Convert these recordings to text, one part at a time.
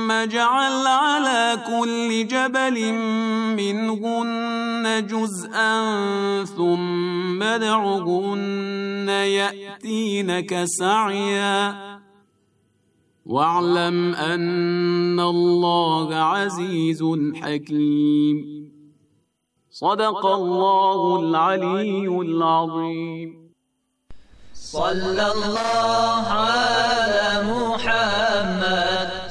ثم جعل على كل جبل منهن جزءا ثم ادعهن يأتينك سعيا واعلم أن الله عزيز حكيم صدق الله العلي العظيم صلى الله على محمد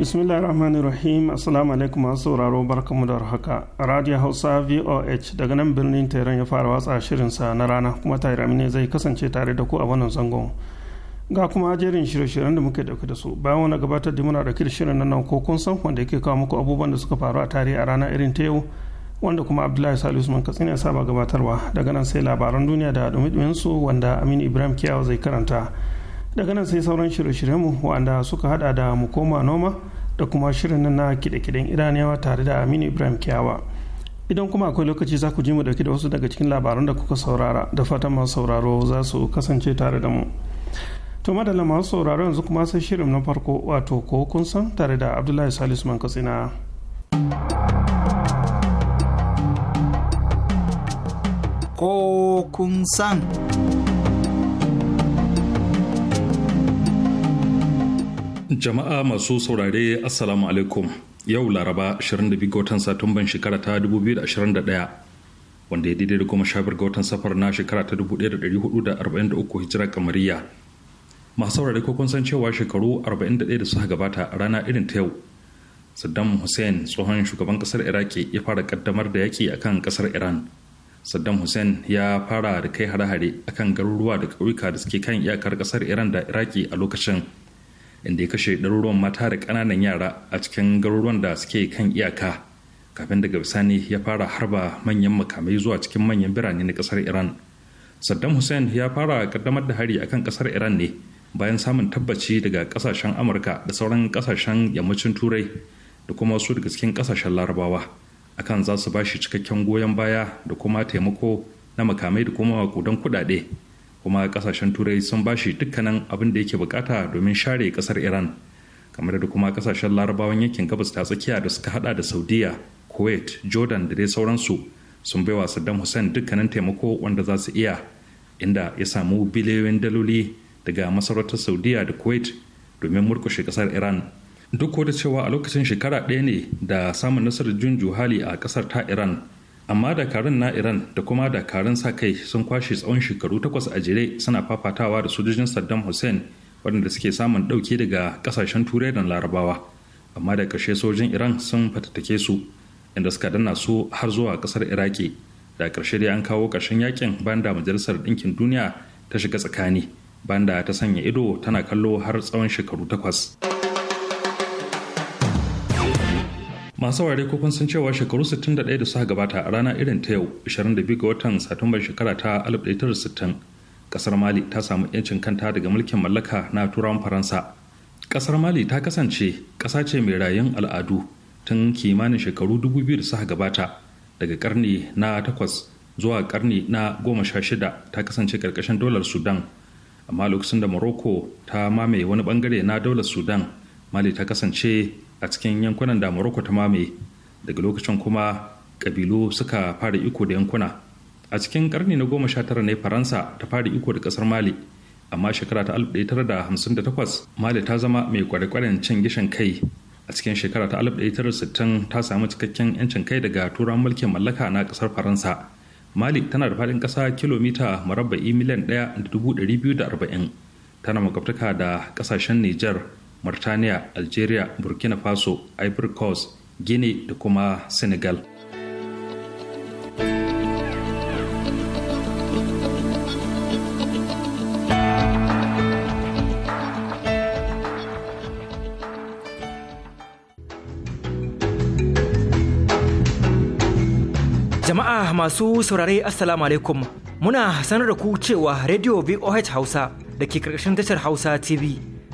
bismillahir rahmanir rahim assalamu alaikum masu sauraro barkamu da haka radio hausa voh daga nan birnin teran ya fara watsa shirinsa na rana kuma tare ne zai kasance tare da ku a wannan zangon ga kuma jerin shirye-shiryen da muke dauke da su bayan wani gabatar da muna dauke da shirin nan ko kun san wanda yake kawo muku abubuwan da suka faru a tarihi a rana irin ta yau wanda kuma abdullahi salisu man katsina ya saba gabatarwa daga nan sai labaran duniya da dumidumin su wanda aminu ibrahim kiyawa zai karanta daga nan sai sauran shirye-shiryenmu wanda suka hada da mu koma noma da kuma shirin nan na kide-kiden iraniyawa tare da aminu ibrahim kyawa idan kuma akwai lokaci za ku ji mu dauki da wasu daga cikin labaran da kuka saurara da fatan masu sauraro za su kasance tare da mu to madalla masu sauraro yanzu kuma sai shirin na farko wato ko kun san tare da abdullahi salisu man katsina ko kun san Jama'a masu saurare Assalamu alaikum yau Laraba 22 ga watan Satumban shekara ta 2021 wanda ya daidai da goma sha ga watan safar na shekara ta 1443 hijira kamariya. Masu saurare ko kun san cewa shekaru 41 da suka gabata rana irin ta yau Saddam Hussein tsohon shugaban kasar Iraki ya fara kaddamar da yaki akan kasar Iran. Saddam Hussein ya fara da kai hare-hare akan garuruwa da kauyuka da suke kan iyakar kasar Iran da Iraki a lokacin. inda ya kashe ɗaruruwan mata da ƙananan yara a cikin garuruwan da suke kan iyaka kafin daga bisani ya fara harba manyan makamai zuwa cikin manyan birane na ƙasar iran saddam hussein ya fara ƙaddamar da hari akan ƙasar iran ne bayan samun tabbaci daga ƙasashen amurka da sauran ƙasashen yammacin turai da kuma wasu daga cikin ƙasashen larabawa akan za su ba shi cikakken goyon baya da kuma taimako na makamai da kuma kudan kuɗaɗe kuma kasashen turai sun bashi dukkanin abin da yake bukata domin share kasar iran kamar da kuma kasashen larabawan yankin gabas ta tsakiya da suka hada da saudiya kuwait jordan da dai sauransu sun baiwa saddam hussein dukkanin taimako wanda za su iya inda ya samu biliyoyin daloli daga masarautar saudiya da kuwait domin murkushe kasar iran duk da cewa a lokacin shekara ɗaya ne da samun nasarar jun juhali a kasar ta iran amma dakarun na iran da kuma dakarun sa kai sun kwashe tsawon shekaru takwas a jere suna fafatawa da sojojin saddam hussein waɗanda suke samun ɗauki daga ƙasashen turai da larabawa amma da ƙarshe sojin iran sun fatattake su inda suka danna su har zuwa ƙasar iraki da ƙarshe dai an kawo ƙarshen yakin banda majalisar ɗinkin duniya ta shiga tsakani banda ta sanya ido tana kallo har tsawon shekaru takwas. masu ware ko kun san cewa shekaru 61 da suka gabata a rana irin ta yau 22 ga watan satumbar shekara ta 1960 kasar mali ta samu 'yancin kanta daga mulkin mallaka na turawan faransa kasar mali ta kasance kasa ce mai rayun al'adu tun kimanin shekaru 2000 da suka gabata daga karni na 8 zuwa karni na 16 ta kasance karkashin dolar sudan amma lokacin da morocco ta mamaye wani bangare na dolar sudan mali ta kasance a cikin yankunan da morocco ta mamaye daga lokacin kuma ƙabilu suka fara iko da yankuna a cikin karni na goma sha tara ne faransa ta fara iko da ƙasar mali amma shekara ta 1958 mali ta zama mai kwarekwaren cin gishin kai a cikin shekara ta 1960 ta samu cikakken 'yancin kai daga turan mulkin mallaka na kasar faransa mali tana da faɗin ƙasa kilomita marabba'i miliyan arba'in tana makwabtaka da ƙasashen niger murtaniya algeria burkina faso ivory coast guinea da kuma senegal jama'a masu saurare assalamu alaikum muna sanar da ku cewa radio voh hausa da ke karkashin tashar hausa tv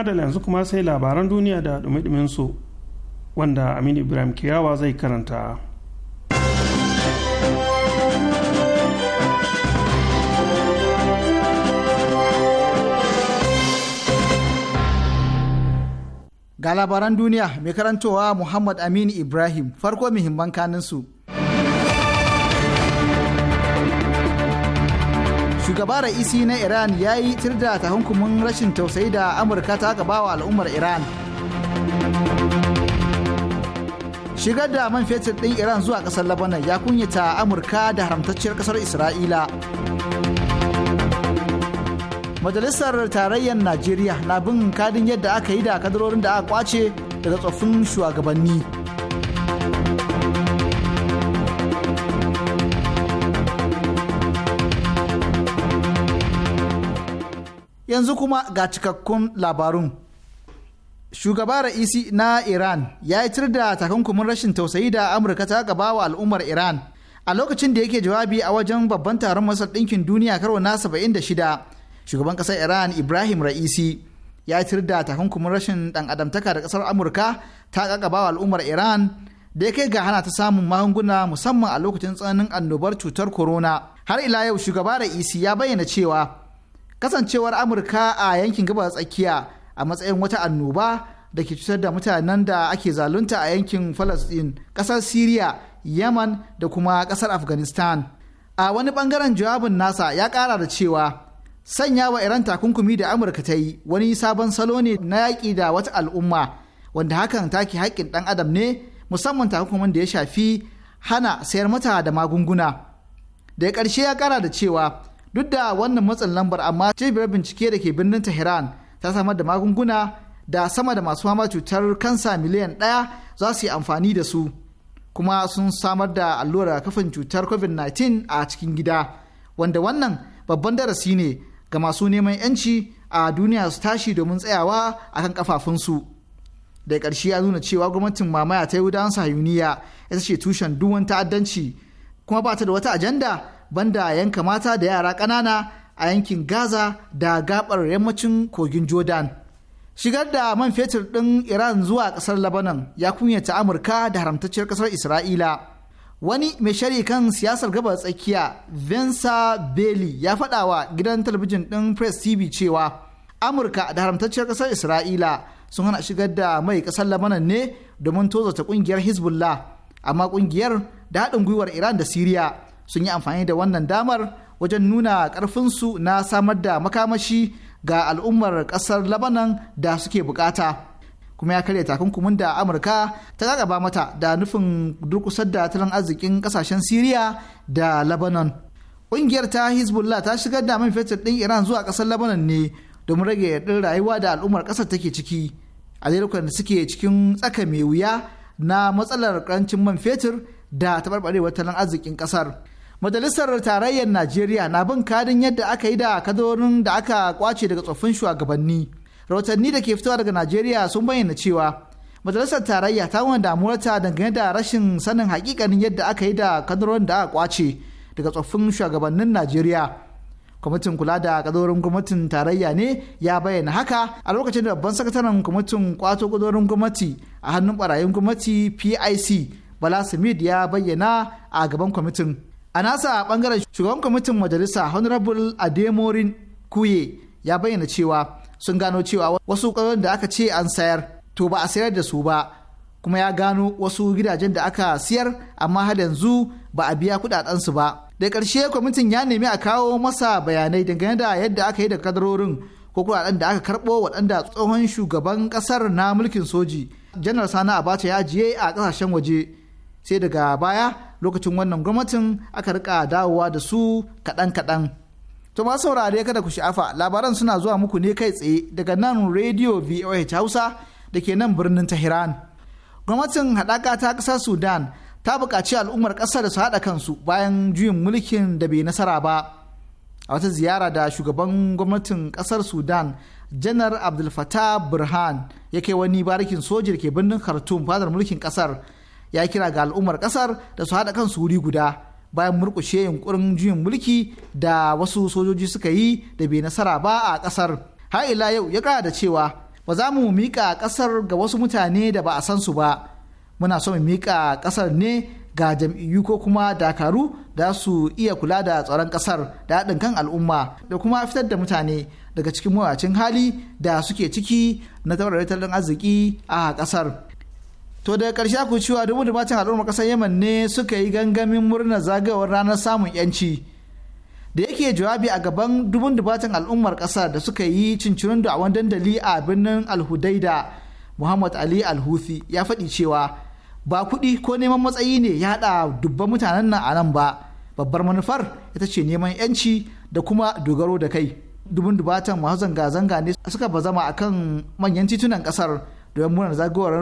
madala yanzu kuma sai labaran duniya da dumi su wanda Aminu Ibrahim Kiyawa zai karanta. Ga labaran duniya mai karantowa Muhammad Aminu Ibrahim farko muhimman kaninsu. su. shugaba ra'isi na iran ya yi da takunkumin rashin tausayi da amurka ta gaba wa al'ummar iran shigar da man fetur ɗin iran zuwa ƙasar labanan ya kunyata amurka da haramtacciyar ƙasar isra'ila majalisar tarayyar najeriya na bin kadin yadda aka yi da kadarorin da aka kwace daga tsoffin shugabanni yanzu kuma ga cikakkun labarun. Shugaba ra'isi na Iran ya yi tir da takunkumin rashin tausayi da Amurka ta gaba wa al'ummar Iran a lokacin da yake jawabi a wajen babban taron masar ɗinkin duniya karo na 76 shugaban ƙasar Iran Ibrahim ra'isi ya yi tir da takunkumin rashin ɗan adamtaka da ƙasar Amurka ta gaba wa al'ummar Iran da ya kai ga hana ta samun magunguna musamman a lokacin tsananin annobar cutar corona har ila yau shugaba ra'isi ya bayyana cewa kasancewar amurka a yankin gabas tsakiya a matsayin wata annoba da ke cutar da mutanen da ake zalunta a yankin falastin kasar syria yaman da kuma kasar afghanistan a wani bangaren jawabin nasa ya kara da cewa sanya wa iran takunkumi da amurka ta yi wani sabon salo ne na yaƙi da wata al'umma wanda hakan take haƙƙin ɗan adam ne musamman takunkumin da ya shafi hana sayar mata da magunguna da ya ƙarshe ya kara da cewa duk da wannan matsin lambar amma cibiyar bincike da ke birnin tehran ta samar da magunguna da sama da masu fama cutar kansa miliyan ɗaya za su yi amfani da su kuma sun samar da allurar kafin cutar covid-19 a cikin gida wanda wannan babban darasi ne ga masu neman 'yanci a duniya su tashi domin tsayawa akan kafafunsu da ƙarshe ya nuna cewa gwamnatin mamaya ta yi hayuniya ita ce tushen duwan ta'addanci kuma ba ta da wata ajanda banda yanka mata da yara ƙanana a yankin Gaza da gabar yammacin kogin Jordan. Shigar da man fetur ɗin Iran zuwa ƙasar Lebanon ya kunyata Amurka da haramtacciyar ƙasar Isra'ila. Wani mai shari kan siyasar gabar tsakiya Vensa Bailey ya faɗa wa gidan talabijin ɗin Press TV cewa Amurka da haramtacciyar ƙasar Isra'ila sun hana shigar da mai ƙasar Lebanon ne domin tozata ƙungiyar Hezbollah amma ƙungiyar da haɗin gwiwar Iran da Siriya sun yi amfani da wannan damar wajen nuna ƙarfinsu na samar da makamashi ga al'ummar ƙasar labanan da suke bukata kuma ya karya takunkumin da amurka ta gagaba mata da nufin durkusar da tattalin arzikin ƙasashen siriya da labanan ƙungiyar ta hezbollah ta shigar da man fetur ɗin iran zuwa ƙasar labanan ne domin rage yaɗin rayuwa da al'ummar ƙasar take ciki a lokacin da suke cikin tsaka mai wuya na matsalar ƙarancin man fetur da taɓarɓarewar tattalin arzikin ƙasar majalisar tarayyar najeriya na bin kadin yadda aka yi da kadorin da aka kwace daga tsoffin shugabanni rahotanni da ke fitowa daga najeriya sun bayyana cewa majalisar tarayya ta wani damuwarta dangane da rashin sanin hakikanin yadda aka yi da kadorin da aka kwace daga tsoffin shugabannin najeriya kwamitin kula da kadorin gwamnatin tarayya ne ya bayyana haka a lokacin da babban sakataren kwamitin kwato kadorin gwamnati a hannun barayin gwamnati pic bala smith ya bayyana a gaban kwamitin a nasa a bangaren shugaban kwamitin majalisa honorable ademorin kuye ya bayyana cewa sun gano cewa wasu ƙauyen da aka ce an sayar to ba a sayar da su ba kuma ya gano wasu gidajen da aka siyar amma har yanzu ba a biya su ba da karshe kwamitin ya nemi a kawo masa bayanai dangane da yadda aka yi da kadarorin ko kudaden da aka karɓo waɗanda tsohon shugaban ƙasar na mulkin soji janar sani abacha ya ajiye a ƙasashen waje sai daga baya lokacin wannan gwamnatin aka rika dawowa da su kaɗan-kaɗan. To ma saurare kada ku sha'afa labaran suna zuwa muku ne kai tsaye daga nan Radio VOH Hausa da ke nan birnin Tehran. Gwamnatin haɗaka ta ƙasar Sudan ta buƙaci al'ummar ƙasar da su haɗa kansu bayan juyin mulkin da bai nasara ba. A wata ziyara da shugaban gwamnatin ƙasar Sudan janar Abdul Fattah Burhan ya kai wani barikin soja da ke birnin Khartoum fadar mulkin ƙasar. ya kira ga al'ummar kasar da su haɗa kansu wuri guda bayan murkushe yunkurin juyin mulki da wasu sojoji suka yi da bai nasara ba a kasar har ila yau ya kara da cewa ba za mu miƙa kasar ga wasu mutane da ba a san su ba muna so mu miƙa kasar ne ga jam'iyyu ko kuma dakaru da su iya kula da tsaron kasar da haɗin kan al'umma da kuma fitar da mutane daga cikin mawacin hali da suke ciki na taurar tattalin arziki a kasar to daga ƙarshe ku cewa dubu dubatan al'ummar ƙasar yemen ne suka yi gangamin murnar zagayowar ranar samun yanci da yake jawabi a gaban dubun dubatan al'ummar ƙasar da suka yi cincirin da a dandali a birnin alhudaida muhammad ali alhuthi ya faɗi cewa ba kuɗi ko neman matsayi ne ya haɗa dubban mutanen nan a nan ba babbar manufar ita ce neman yanci da kuma dogaro da kai dubun dubatan masu zanga-zanga ne suka bazama kan manyan titunan ƙasar don muna zagawar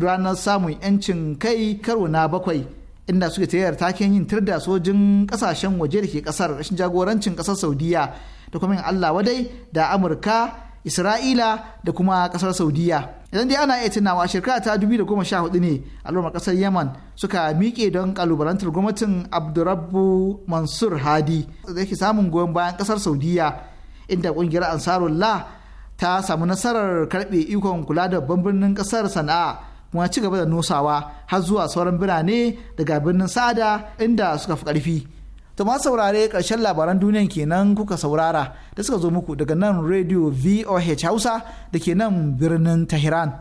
ranar samun 'yancin kai karo na bakwai inda suke tayar taken yin tirda sojin kasashen waje da ke kasar rashin jagorancin kasar saudiya da kuma yin allah wadai da amurka isra'ila da kuma kasar saudiya idan dai ana iya tunawa shekara ta da sha hudu ne al'ummar kasar yaman suka miƙe don kalubalantar gwamnatin abdurabbu mansur hadi da yake samun goyon bayan kasar saudiya inda ƙungiyar ansarullah ta samu nasarar karbe ikon kula da babban birnin kasar sana'a kuma ci gaba da nosawa har zuwa sauran birane daga birnin sada inda suka fi karfi to ma saurare karshen labaran duniyan kenan kuka saurara da suka zo muku daga nan radio voh hausa da ke nan birnin tehran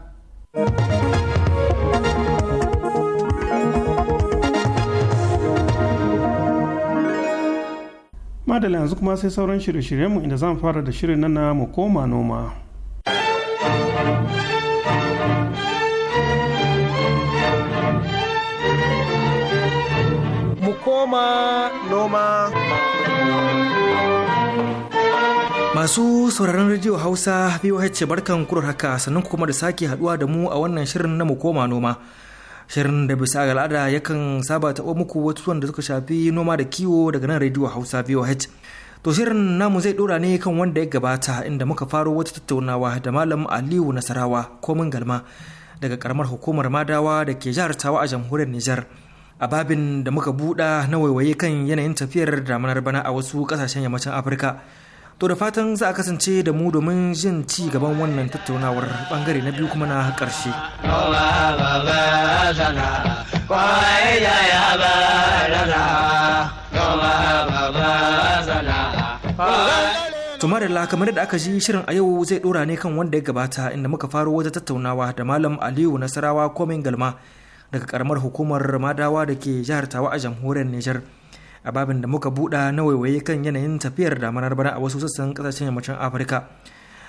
madala yanzu kuma sai sauran shirye-shiryenmu inda zan fara da shirin na mu koma noma Masu sauraron rediyo Hausa VOH barkan kurar haka sannan kuma da sake haduwa da mu a wannan shirin na mu koma noma. shirin da bisa al'ada yakan saba taɓa muku wasu da suka shafi noma da kiwo daga nan rediyo hausa voh to shirin namu zai dora ne kan wanda ya gabata inda muka faro wata tattaunawa da malam aliyu nasarawa komin galma daga karamar hukumar madawa da ke jihar tawa a jamhuriyar nijar a babin da muka buɗa na waiwaye kan yanayin tafiyar damanar bana a wasu ƙasashen yammacin afirka To da fatan za a kasance da mu domin jin ci gaban wannan tattaunawar bangare na biyu kuma na ƙarshe. Tumarilla kamar da aka ji shirin a yau zai dora ne kan wanda ya gabata inda muka faro wata tattaunawa da Malam Aliyu Nasarawa Komen Galma daga karamar hukumar Madawa da ke jihar Tawa a jamhuriyar Nijar. a babin da muka buɗa na waiwaye kan yanayin tafiyar manar bana a wasu sassan kasashen yammacin afirka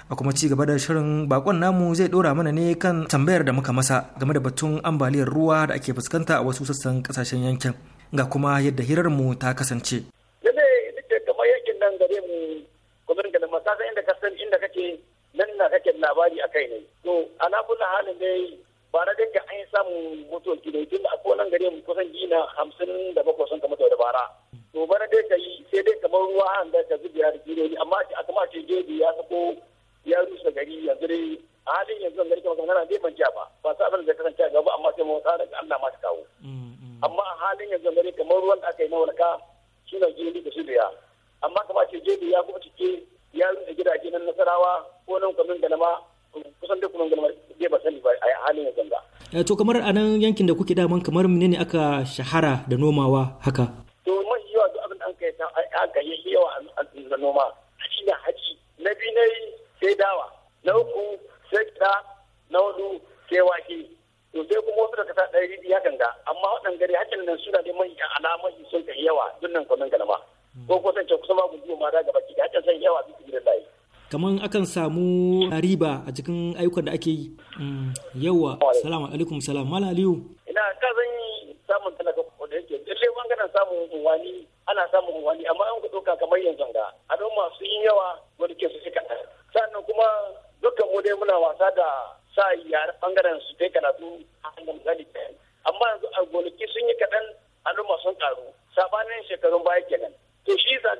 a kuma ci gaba da shirin bakon namu zai ɗora mana ne kan tambayar da muka masa game da batun ambaliyar ruwa da ake fuskanta a wasu sassan kasashen yankin ga kuma yadda hirar mu ta kasance yankin nan gare mu da nan kake labari a kai ne to ana kula halin dai ba na dinka an samu mutuwar gida tun da akwai nan gare mu kusan gina hamsin da bakwai sun kama da bara bana dai ka yi sai dai kamar ruwa an da ka zubiya da kiloli amma a kama ce jeji ya sako ya rusa gari yanzu dai a halin yanzu zan gari kamar kanana dai ban ja ba ba sa abin da zai kasance a gaba amma sai mun tsara daga Allah ma ta kawo mm, mm. amma a halin yanzu gari kamar ruwan da aka yi mawarka shi ne jeji da zubiya amma kama ce jeji ya kuma cike ya rusa gidaje nan nasarawa ko nan kwamin galama kusan duk kwamin galama dai ba sani ba a halin yanzu ga. Eh, to kamar a nan yankin da kuke daman kamar menene aka shahara da nomawa haka. yawa a noma shi ne haji na biyu na yi sai dawa na uku sai gida na hudu sai wake to sai kuma wasu daga sa ya biyu hakan ga amma waɗanda gari hakan nan suna da mai alamar sun kai yawa nan kwanan galama ko ko sance kusa ma gudu ma da gaba ki hakan san yawa bisa gidan layi kaman akan samu riba a cikin ayyukan da ake yi mm, yawa salam alaikum salam mala aliyu ina ka zan yi samun talaka ko da yake lalle samun wani ana samun wani amma an ku ɗauka kamar yanzu ga al'umma sun yi yawa wani ke su kaɗan sannan kuma dukkan mu dai muna wasa da sa yare bangaren su ta karatu a hannun misali amma yanzu a gonaki sun yi kaɗan al'umma sun ƙaru sabanin shekarun baya kenan to shi ga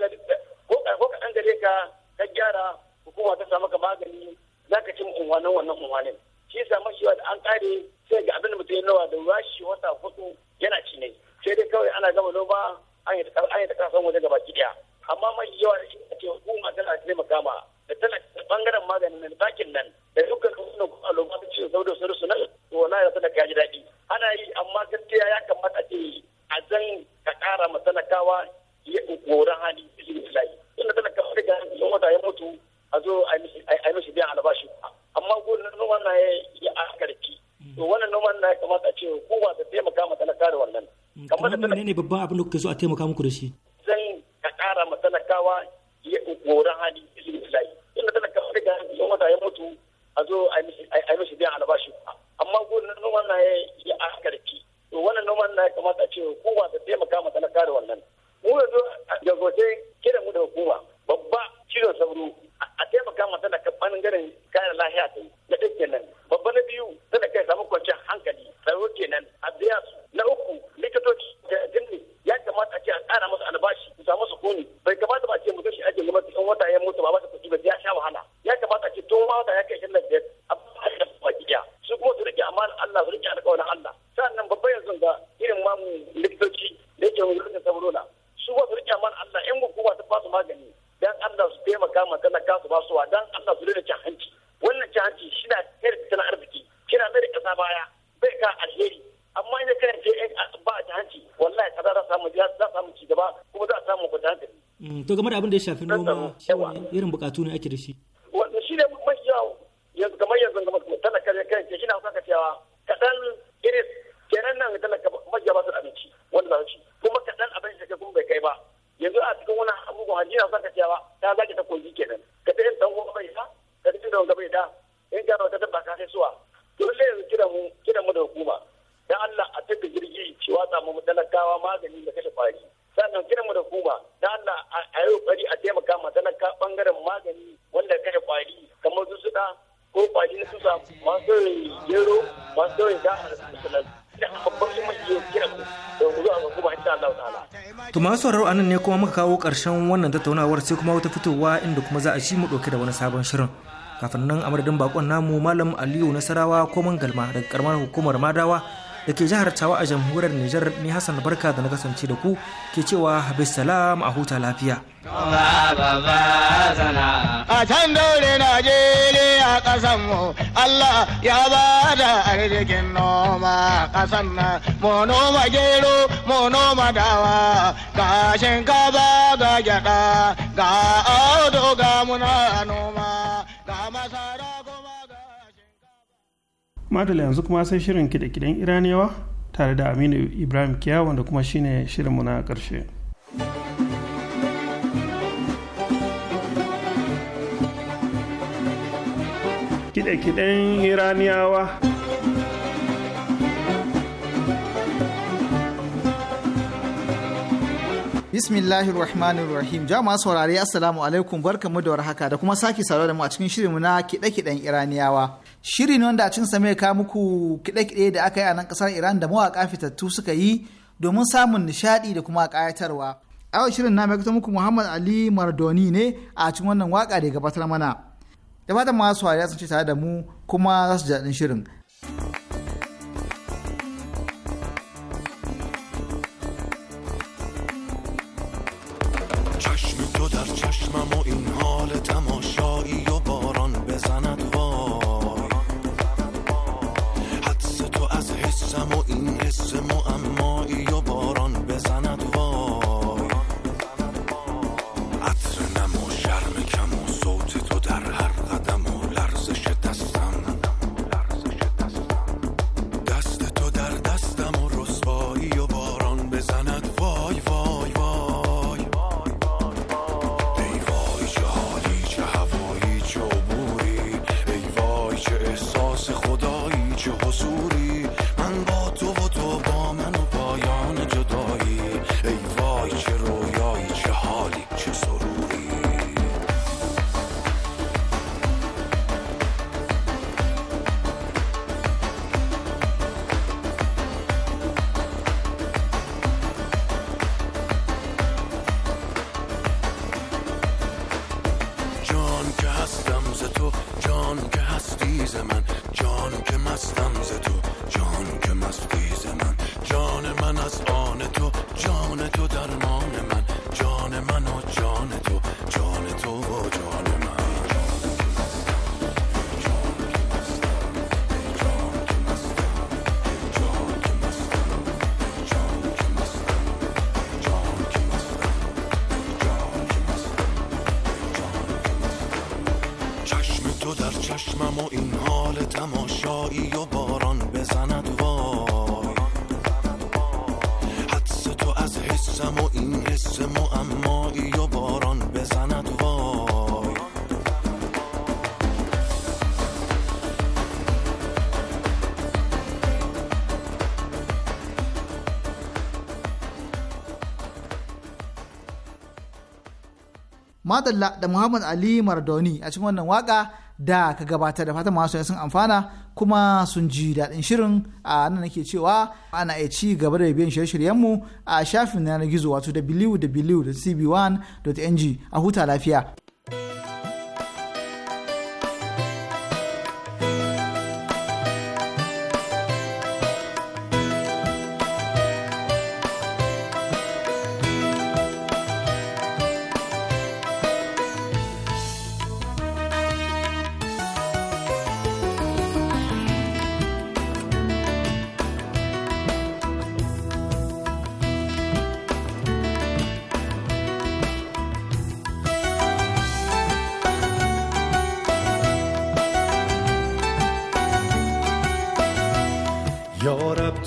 ko kaɗan gare ka ka gyara hukuma ta samu ka magani za ka ci unwanin wannan unwanin shi yasa wa da an kare sai ga abin da mutum ya nawa da wasi wata hudu yana ci sai dai kawai ana gama noma an yi ta kasan waje gaba daya amma mai yawa da shi ce hukuma tana taimaka makama da tana bangaren maganin nan bakin nan da dukkan kuma al'umma ta cikin saboda da rusu nan to wallahi ya tana kaji daɗi ana yi amma gaskiya ya kamata ce a zan ka kara ma talakawa ya goran hali cikin islahi tunda kama da ga sun wata ya mutu a zo a yi mishi biyan albashi amma noma na ya yi a karki to wannan noman na kamata a ce hukuma ta taimaka ma talaka da wannan mm, kamar da ne babban abin da kuke so a taimaka muku da shi zan ka kara ma talakawa ya gora hali ilimi ilahi inda talaka wani ga yan wata ya mutu a zo a yi mishi biyan albashi amma gonan noman na ya yi askarki to wannan noman na kamata a ce hukuma ta taimaka ma talaka da wannan mu yanzu a gote kiran mu da hukuma babba game da abin da ya shafi noma irin bukatu ne ake da shi wanda shi ne mai yawo yanzu kamar yanzu kamar talaka ne kai shi na kuka cewa kadan iris kenan nan talaka majiya ba su abinci wanda za su ci kuma kadan abin da kuma bai kai ba yanzu a cikin wani abubuwan hajji na kuka cewa ta zaki ta koyi kenan ka ta yin dangon bai da ka ta yin dangon bai da in ka ta ta ka sai suwa dole yanzu kiran mu kiran mu da hukuma dan Allah a tafi jirgi ci ta mu talakawa magani da kashe kwari sannan mu da kuma da Allah a yi kokari a taimaka ma bangaren magani wanda kashe kwari kamar su suɗa ko kwari na susa masu gero masu da da babban su mai yi ku da mu zuwa ga kuma insha Allah ta'ala. To masu sauraro nan ne kuma muka kawo ƙarshen wannan tattaunawar sai kuma wata fitowa inda kuma za a ci mu ɗauke da wani sabon shirin. kafin nan a bakon namu malam aliyu nasarawa ko mangalma daga karamar hukumar madawa da ke jihar Tawa a jamhuriyar Nijar ni Hassan Barka da na kasance da ku ke cewa habis salam a huta lafiya. A can daure Najeriya ƙasan mu Allah ya ba da arzikin noma ƙasan na mu noma gero mu noma dawa ga shinkafa ga gyaɗa ga auto ga muna noma. matala yanzu kuma sai shirin kida-kidan iraniyawa tare da aminu ibrahim kiya wanda kuma shine shirinmu na karshe. kide kidan iraniyawa bismillahirrahmanirrahim Rahmanir Rahim. Jama'a saurare Assalamu alaikum barka mu da warhaka da kuma sake saro da mu a cikin shirinmu na kiɗe-kiɗen Iraniyawa. Shirin wanda a cikin mai ka muku kiɗe-kiɗe da aka yi a nan kasar Iran da mawaƙa fitattu suka yi domin samun nishaɗi da kuma kayatarwa. A yau shirin na mai muku Muhammad Ali Mardoni ne a cikin wannan waka da gabatar mana. Da fatan masu saurare sun ce tare da mu kuma za su ji daɗin shirin. C'est moi. تماشایی و باران بزند وای حدس تو از حسم و این حس و باران بزند وای Madalla da Muhammad Ali Mardoni a cikin da ka gabatar da fatan masu sun amfana kuma sun ji daɗin shirin a nan nake cewa ana iya ci gaba da biyan shirye-shiryenmu a shafin yanar gizo wato www.cb1.ng a huta lafiya.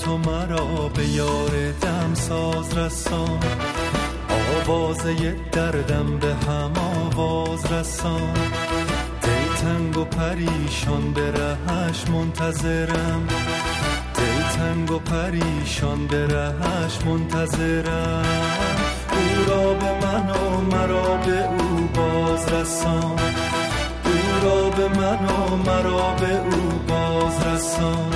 تو مرا به یار دم ساز رسان آوازه دردم به هم آواز رسان دل تنگ و پریشان به رهش منتظرم دل تنگ و پریشان به رهش منتظرم او را به من و مرا به او باز رسان او را به من و مرا به او باز رسان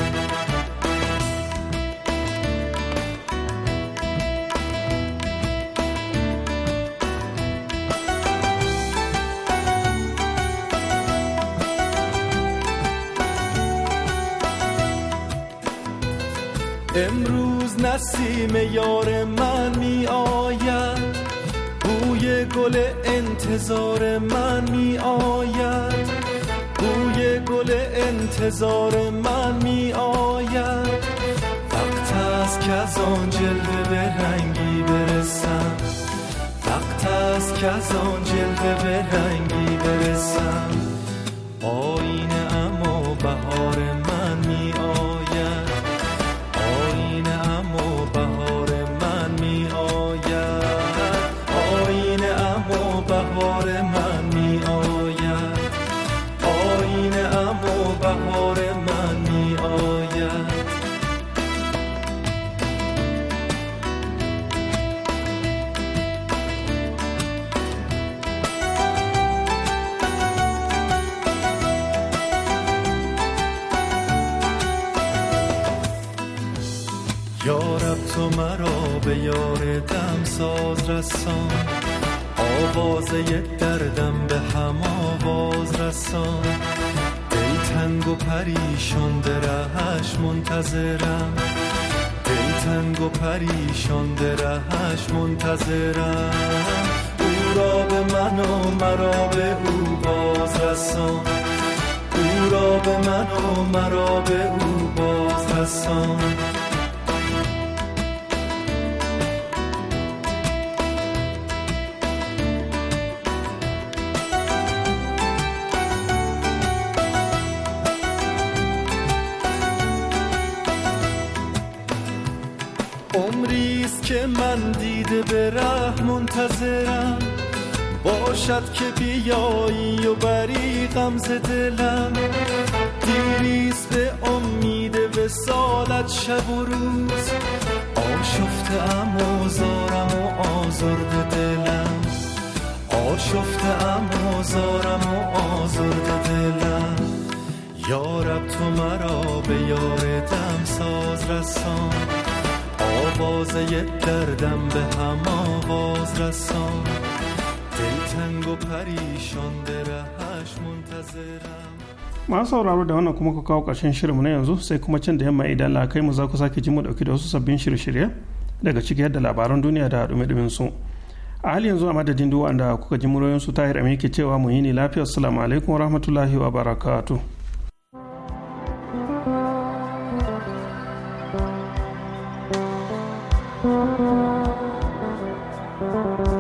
امروز نسیم یار من می آید بوی گل انتظار من می آید بوی گل انتظار من می آید وقت است که از آن جلوه به رنگی برسم وقت از که از آن جلوه به رنگی برسم آینه اما بهار تو مرا به یار دم ساز رسان آوازه دردم به هم آواز رسان دل تنگ و پریشان درهش منتظرم دل تنگ و پریشان درهش منتظرم او را به من و مرا به او باز رسان او را به من و مرا به او باز رسان منتظرم باشد که بیایی و بری غمز دلم دیریز به امید وسالت شب و روز آشفته ام و زارم و آزرد دلم آشفته ام و زارم و آزرد دلم یارب تو مرا به یار دم ساز رسان آوازه دردم به هم آواز رسان دلتنگ و پریشان درهش منتظرم masu sauraro da wannan kuma ku kawo ƙarshen shirinmu na yanzu sai kuma can da yamma idan lakai mu za ku sake ji mu dauki da wasu sabbin shirye-shirye daga ciki da labaran duniya da dumi-dumin su a hali yanzu a madadin duk da kuka ji muryoyin su tahir amin ke cewa mu yi ni lafiya assalamu alaikum wa rahmatullahi wa barakatu. Thank you.